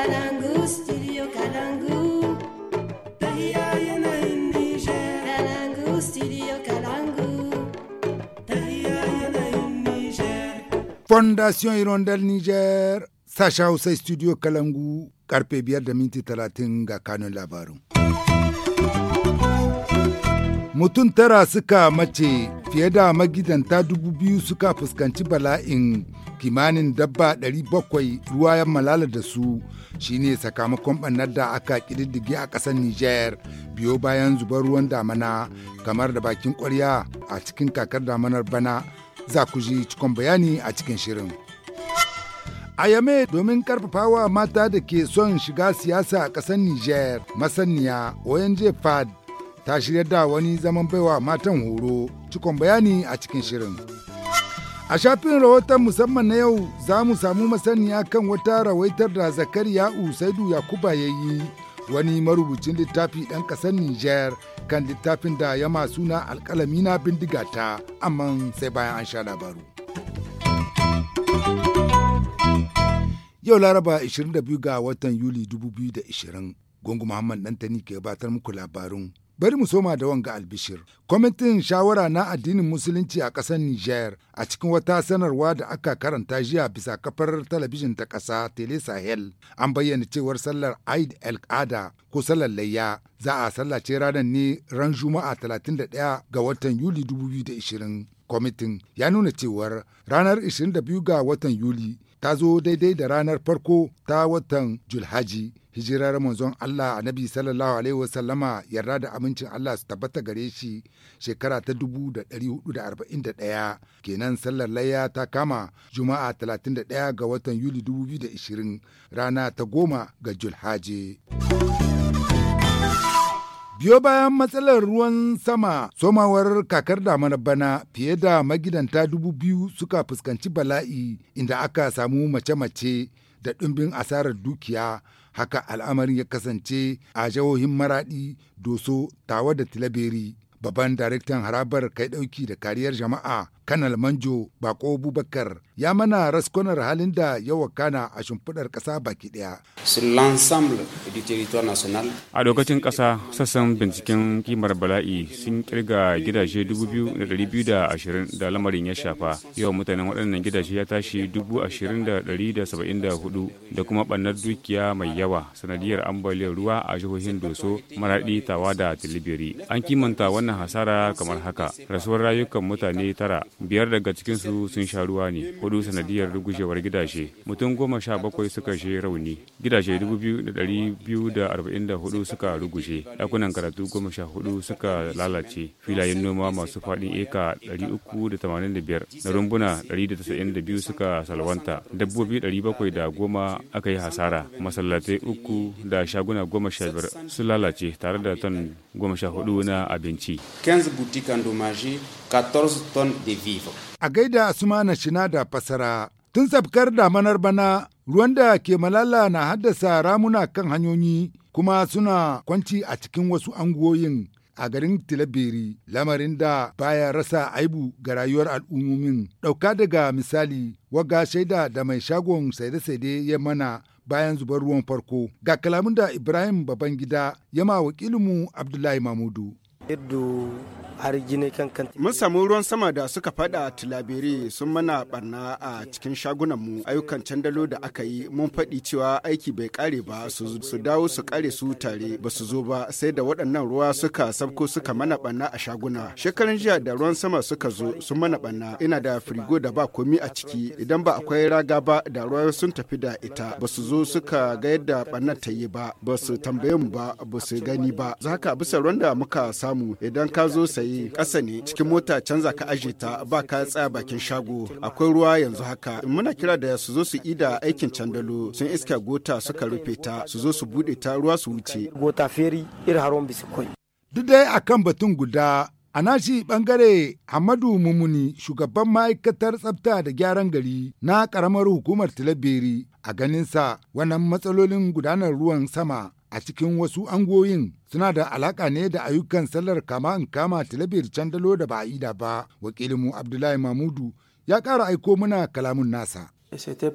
Kalangu, Kalangu. yanayin Kalangu, Fondation Irondel Niger, sacha Hausa Studio Kalangu, karfe biyar da minti talatin ga kanun labarin. mutum tara suka mace fiye da magidanta dubu biyu suka fuskanci bala'in kimanin dabba 700 ruwa ya malala da su shine sakamakon ɓannar da aka ƙididdige a ƙasar niger biyo bayan zubar ruwan damana kamar da bakin ƙwarya a cikin kakar damanar bana za ku ji cikon bayani a cikin shirin a yame domin karfafawa mata da ke son shiga siyasa a ƙasar niger masaniya ong fad ta shirya da wani zaman baiwa matan horo cikon bayani a cikin shirin. A shafin rahoton musamman na yau za mu samu masaniya kan wata rawaitar da Zakariya Usaidu Yakuba ya yi wani marubucin littafi ɗan ƙasar Nijar kan littafin da ya masu na alƙalami na bindiga ta amma sai bayan an sha labaru. Yau Laraba 22 ga watan Yuli 2020, Gungu Muhammad ɗantani ke batar muku labarun Bari mu soma da wanga albishir. Kwamitin shawara na addinin Musulunci a ƙasar Nijar a cikin wata sanarwa da aka karanta jiya bisa kafar talabijin ta ƙasa Tele Sahel an bayyana cewar sallar Eid el-Qada ko sallar layya za a sallace ranar ne ran Juma'a 31 ga watan Yuli 2020. Kwamitin ya nuna cewar ranar 22 ga watan Yuli ta zo daidai da ranar farko ta watan Julhaji. hijirar manzon Allah annabi sallallahu alaihi wasallama yarda da amincin Allah su tabbata gare shi shekara ta 1441 kenan sallar layya ta kama juma'a 31 ga watan Yuli 2020 rana ta goma ga Julhaji. Biyo bayan matsalar ruwan sama somawar kakar damar bana fiye da magidanta dubu biyu suka fuskanci bala'i inda aka samu mace-mace da ɗumbin asarar dukiya haka al'amarin ya kasance a jihohin maraɗi doso tawa da tilaberi. Babban daraktan harabar kai ɗauki da kariyar jama'a kanal manjo bako bubakar ya mana raskonar halin da ya wakana a shimfiɗar ƙasa baki ɗaya. a lokacin ƙasa sassan binciken kimar bala'i sun kirga gidaje 2,220 da lamarin ya shafa yawan mutanen waɗannan gidaje ya tashi 20,174 da kuma ɓannar dukiya mai yawa sanadiyar ambaliyar ruwa a jihohin doso maraɗi tawa da tilibiri an kimanta wannan hasara kamar haka rasuwar rayukan mutane tara biyar daga cikinsu sun sha ruwa ne hudu sanadiyar rugujewar gidaje mutum goma sha bakwai suka shi rauni gidaje hudu suka ruguje ɗakunan karatu goma sha hudu suka lalace filayen noma masu faɗin eka dari uku da da tamanin biyar na rumbuna biyu suka salwanta dabbobi dari bakwai da goma aka yi hasara masallatai uku da shaguna goma sha biyar sun lalace tare da ton goma sha hudu na abinci 15 boutiques endommagées 14 tonnes de vie A gaida Sumana Shina da fasara, tun sabkar manar bana ruwan da ke malala na haddasa ramuna kan hanyoyi kuma suna kwanci a cikin wasu anguwoyin a garin tilabiri lamarin da baya rasa aibu ga rayuwar al'ummomin. Ɗauka daga misali waga shaida da mai shagon saide-saide ya mana bayan zubar ruwan farko ga kalamun da Ibrahim Babangida ya ma wakilinmu Abdullahi Mamudu. Mun samu ruwan sama da suka fada a sun mana barna a cikin shagunan mu ayyukan candalo da aka yi mun faɗi cewa aiki bai kare ba su dawo su kare su tare ba su zo ba sai da waɗannan ruwa suka sabko suka mana barna a shaguna. Shekaran jiya da ruwan sama suka zo sun mana barna ina da firigo da ba komi a ciki idan ba akwai raga ba da ruwa sun tafi da ita ba su zo suka ga yadda barnar ta yi ba ba su tambaye mu ba ba su gani ba. Za haka bisa ruwan da muka samu samu idan ka zo sayi ƙasa ne cikin mota canza ka aje ta ba ka tsaya bakin shago akwai ruwa yanzu haka muna kira da su zo su ida aikin candalo sun iska gota suka rufe ta su zo su bude ta ruwa su wuce gota feri ir haron bisikoi duk dai akan batun guda A nashi bangare Hamadu Mumuni shugaban ma'aikatar tsafta da gyaran gari na karamar hukumar tilabiri a ganin sa wannan matsalolin gudanar ruwan sama a cikin wasu angoyin suna da alaƙa ne da ayyukan sallar kama in kama talabir candalo da ba a da ba wakilinmu abdullahi mamudu ya kara aiko muna kalamun nasa c'était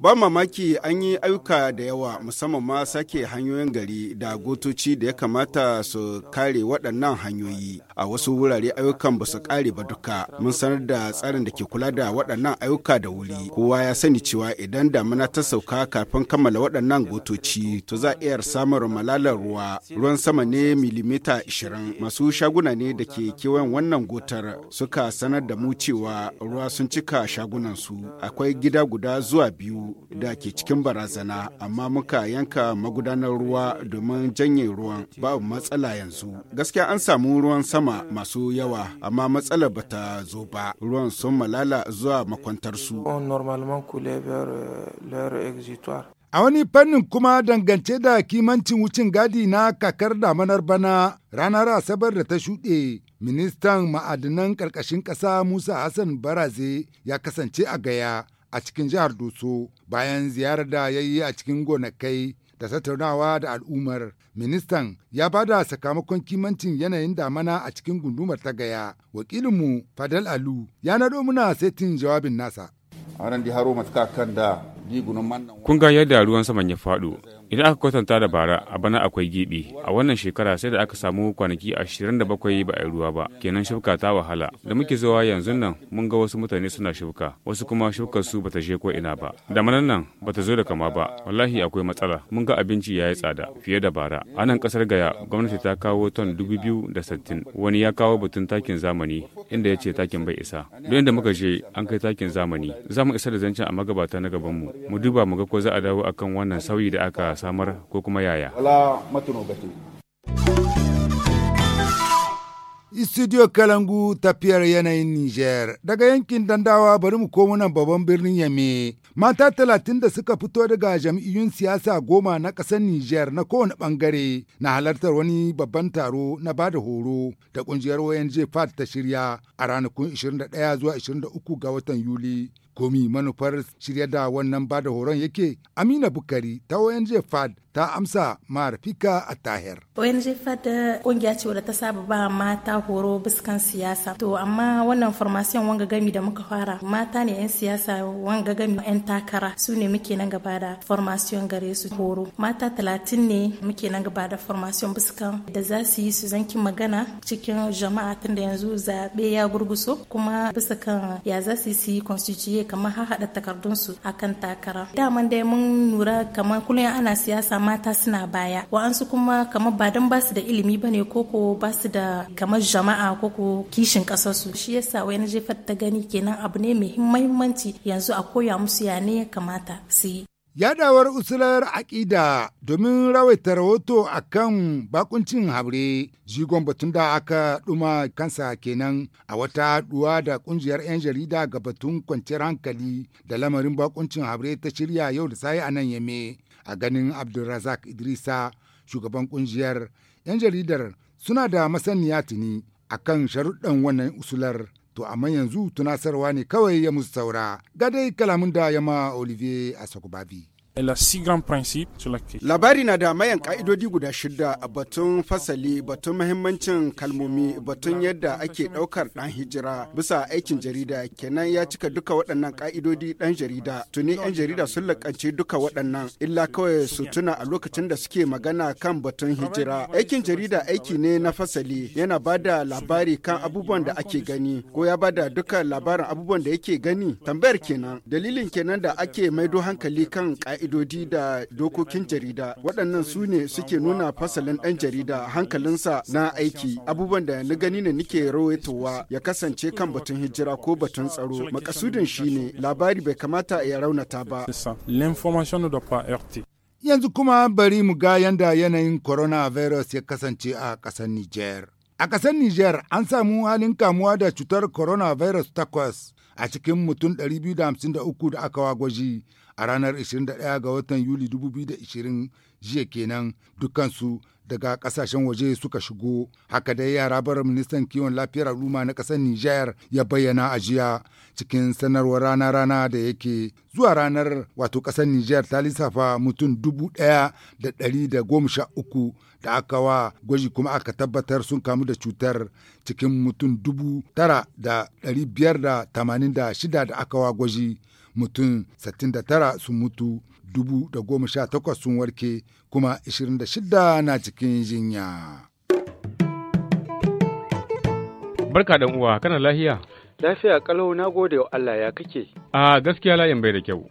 ba mamaki an yi ayyuka da yawa musamman ma sake hanyoyin gari da gotoci da ya kamata su kare waɗannan hanyoyi a wasu wurare ayyukan ba su kare ba duka mun sanar da tsarin da ke kula da waɗannan ayyuka da wuri kowa ya sani cewa idan damina ta sauka kafin kammala waɗannan gotoci to za a iya samun malalar ruwa ruwan sama ne milimita 20 masu shaguna ne da ke kewayen wannan gotar suka sanar da mu cewa ruwa sun cika shagunan su akwai gida guda zuwa biyu da ke cikin barazana amma muka yanka magudanar ruwa domin janye ruwan babu matsala yanzu gaskiya an samu ruwan sama dama masu yawa amma matsalar ba ta zo ba ruwan sun malala zuwa makwantarsu. Euh, a wani fannin kuma dangance da kimancin wucin gadi na kakar damanar bana ranar Asabar da ta shuɗe, ministan ma'adinan ƙarƙashin ƙasa Musa Hassan Baraze ya kasance a gaya a cikin jihar Doso bayan ziyarar da ya yi a cikin gonakai da tattaunawa da al'ummar. Ministan ya ba da sakamakon kimancin yanayin damana a cikin gundumar ta gaya. Wakilinmu Fadal Alu ya nado muna setin jawabin nasa. Kun ga yadda ruwan saman ya faɗo Idan aka kwatanta da bara, a bana akwai gibi. A wannan shekara sai da aka samu kwanaki ashirin da bakwai ba a yi ruwa ba, kenan shuka ta wahala. Da muke zuwa yanzu nan mun ga wasu mutane suna shuka, wasu kuma shukar su bata je ko ina ba. Da manan nan bata zo da kama ba, wallahi akwai matsala. Mun ga abinci ya yi tsada fiye da bara. A nan kasar Gaya, gwamnati ta kawo ton sittin wani ya kawo batun takin zamani inda ya ce takin bai isa. Don inda muka je an kai takin zamani, za mu isa da zancen a magabata na gabanmu. Mu duba mu ga ko za a dawo akan wannan sauyi da aka samar ko kuma yaya wala studio kalangu tafiyar yanayin Niger daga yankin dandawa bari mu komo nan babban birnin Yame. Mata talatin da suka fito daga jam'iyyun siyasa goma na ƙasar Niger na kowane ɓangare na halartar wani babban taro na bada horo da ƙungiyar ONG FAT ta shirya a ranakun 21 zuwa 23 ga watan Yuli. komi manufar shirya da wannan bada horon yake amina bukari ta ONG fad ta amsa ma fika a tahir ONG fad kungiya ce wadda ta saba ba mata horo biskan siyasa to amma wannan formation wanga gami da muka fara mata ne yan siyasa wanga gami yan takara su ne muke nan gaba da formation gare su horo mata talatin ne muke nan gaba da formation biskan da za su yi su zanki magana cikin jama'a tunda yanzu zaɓe ya gurguso kuma bisa kan ya za su yi yi kamar kamar takardun takardunsu akan takara daman dai mun lura kamar kullum ana siyasa mata suna baya wa'ansu kuma kamar ba don basu da ilimi bane ko ko basu da kamar jama'a ko ko kishin kasarsu shi yasa wai na jefar ta gani kenan abu ne mai muhimmanci yanzu a koya musu ya ne ya kamata su yi Yadawar usular aƙida domin rawaita rahoto a kan bakuncin habre zigon batun da aka ɗuma kansa kenan a wata haɗuwa da ƙungiyar 'yan jarida ga batun kwanciyar hankali da lamarin bakuncin habre ta shirya yau da sayi a nan yame a ganin Abdulrazak Idrisa shugaban ƙungiyar 'yan jaridar suna da masaniya tuni akan sharuɗan wannan usular to amma yanzu tunasarwa ne kawai ya musu saura ga dai kalamin da yama olivier asakubabi Labari na da mayan ka'idodi guda shida a batun fasali, batun mahimmancin kalmomi, batun yadda ake ɗaukar ɗan hijira bisa aikin jarida kenan ya cika duka waɗannan ka'idodi ɗan jarida. Tuni 'yan jarida sun lakanci duka waɗannan illa kawai su tuna a lokacin da suke magana kan batun hijira. Aikin jarida aiki ne na fasali yana ba da labari kan abubuwan da ake gani ko ya ba da duka labarin abubuwan da yake gani tambayar kenan dalilin kenan da ake maido hankali kan ka'idodi ka'idodi da dokokin jarida waɗannan su ne suke nuna fasalin ɗan jarida hankalinsa na aiki abubuwan da na gani ne nike rawaitowa ya kasance kan batun hijira ko batun tsaro makasudin shine labari bai kamata ya raunata ba yanzu kuma bari mu ga yanda yanayin coronavirus ya kasance a ƙasar niger A ƙasar Nijar an samu halin kamuwa da cutar coronavirus takwas a cikin mutum 253 da aka wagwaji a ranar 21 ga watan Yuli 2020 jiya kenan dukansu daga kasashen waje suka shigo haka dai yara bar ministan kiwon lafiyar al'umma na ƙasar Nijar ya bayyana a jiya cikin sanarwar rana rana da yake zuwa ranar wato ƙasar Nijar ta lissafa mutum dubu ɗaya da ɗari da goma sha uku da aka wa gwaji kuma aka tabbatar sun kamu da cutar cikin mutum dubu tara da ɗari biyar da tamanin da shida da aka wa gwaji mutum sittin da tara sun mutu Dubu da goma sha takwas sun warke kuma 26 na cikin jinya. Barka dan uwa kana lahiya? Lafiya kalau na gode wa Allah ya kake. A gaskiya layin bai da kyau.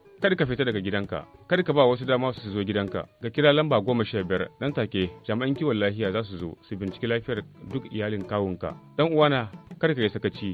kada ka fita daga gidanka kada ka ba wasu dama su zo gidanka ga kira lamba goma sha biyar nan take jami'an kiwon lafiya za su zo su binciki lafiyar duk iyalin kawunka dan uwana kada ka yi sakaci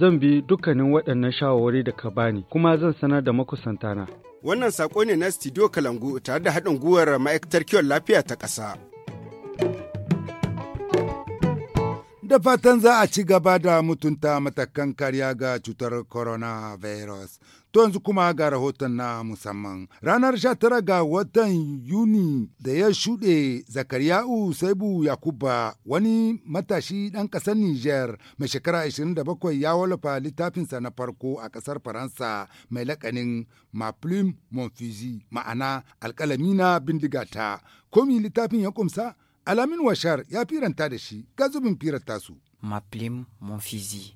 zan bi dukkanin waɗannan shawarwari da ka bani kuma zan sanar da makusantana. Wannan saƙo ne na Studio Kalangu tare da haɗin gwiwar ma'aikatar kiwon lafiya ta ƙasa. da fatan za a ci gaba da mutunta matakan kariya ga cutar coronavirus. To yanzu kuma ga rahoton na musamman. Ranar 19 ga watan Yuni da ya shuɗe Zakariya'u Saibu Yakuba wani matashi ɗan ƙasar Nijar mai shekara 27 ya wallafa littafinsa na farko a ƙasar Faransa mai laƙanin Maplim Monfizi ma'ana alƙalami na bindigata. Komi littafin ya kumsa? Alamin Washar ya firanta da shi ga zubin firanta su. Maplim Monfizi.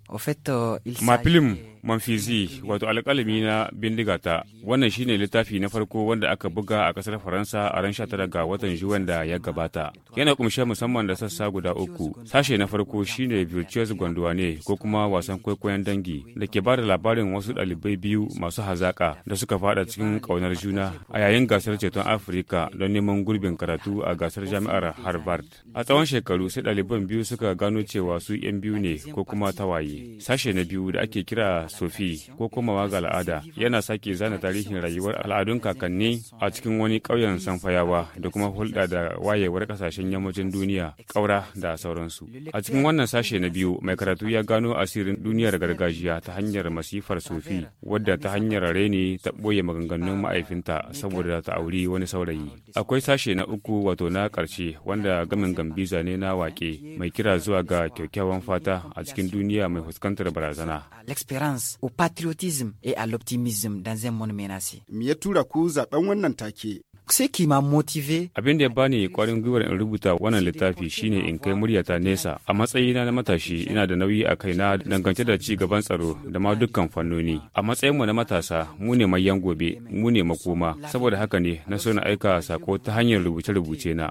Euh, Maplim Monfizi wato alƙalami na bindigata wannan shine littafi na farko wanda aka buga a ƙasar Faransa a ran 19 ga watan Juwan da ya gabata. Yana kumshe musamman da sassa guda uku. Sashe na farko shine Virtuous Gondwane ko kuma wasan kwaikwayon dangi da ke bada labarin wasu ɗalibai biyu masu hazaka da suka fada cikin ƙaunar juna a yayin gasar ceton Afirka don neman gurbin karatu a gasar jami'ar Harvard. A tsawon shekaru sai ɗaliban biyu suka gano cewa su su 'yan biyu ne ko kuma tawaye sashe na biyu da ake kira sofi ko kuma ga al'ada yana sake zana tarihin rayuwar al'adun kakanni a cikin wani ƙauyen sanfayawa da kuma hulɗa da wayewar ƙasashen yammacin duniya ƙaura da sauransu a cikin wannan sashe na biyu mai karatu ya gano asirin duniyar gargajiya ta hanyar masifar sofi wadda ta hanyar reni ta ɓoye maganganun ma'aifinta saboda ta auri wani saurayi akwai sashe na uku wato na ƙarshe wanda gamin gambiza ne na waƙe mai kira zuwa ga kyaukyau. kyakkyawan fata a cikin duniya mai fuskantar barazana. L'experience au patriotisme et à l'optimisme dans un monde menacé. Me ya tura ku zaben wannan take sai ki ma motive. Abin da ya bani kwarin gwiwar in rubuta wannan littafi shine in kai muryata nesa. A matsayina na matashi ina da nauyi a kaina dangance da ci gaban tsaro da ma dukkan fannoni. A matsayin mu na matasa mu ne mayan gobe, mu ne makoma. Saboda haka ne na so na aika sako ta hanyar rubuce-rubuce na.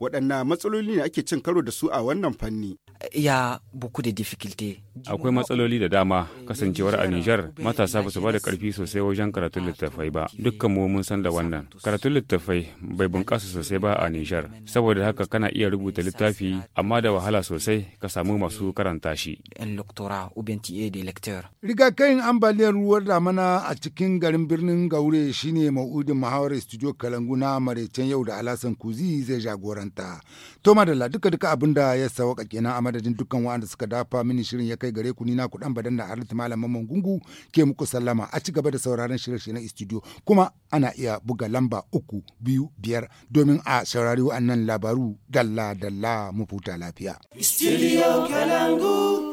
Waɗanne matsaloli ne ake cin karo da su a wannan fanni? Ya buku da difficulty. akwai matsaloli da dama kasancewar a Nijar matasa ba su ba da karfi sosai wajen karatun littattafai ba dukkan mu mun san da wannan karatun littattafai bai bunƙasa sosai ba a Nijar saboda haka kana iya rubuta littafi amma da wahala sosai ka samu masu karanta shi rigakafin ambaliyar ruwan damana a cikin garin birnin Gaure shine ma'udin muhawarar studio Kalangu na Maraicen yau da alhassan Kuzi zai jagoranta to madalla duka duka abinda ya sawaka kenan a madadin dukkan waɗanda suka dafa mini shirin ya kai gare ku ni na ku dan badan da Haritu Malam Mamman Gungu ke muku sallama a ci gaba da sauraron shirye-shiryen studio kuma ana iya buga lamba uku biyu biyar domin a saurari wa'annan labaru dalla dalla mu futa lafiya. Studio Kalangu.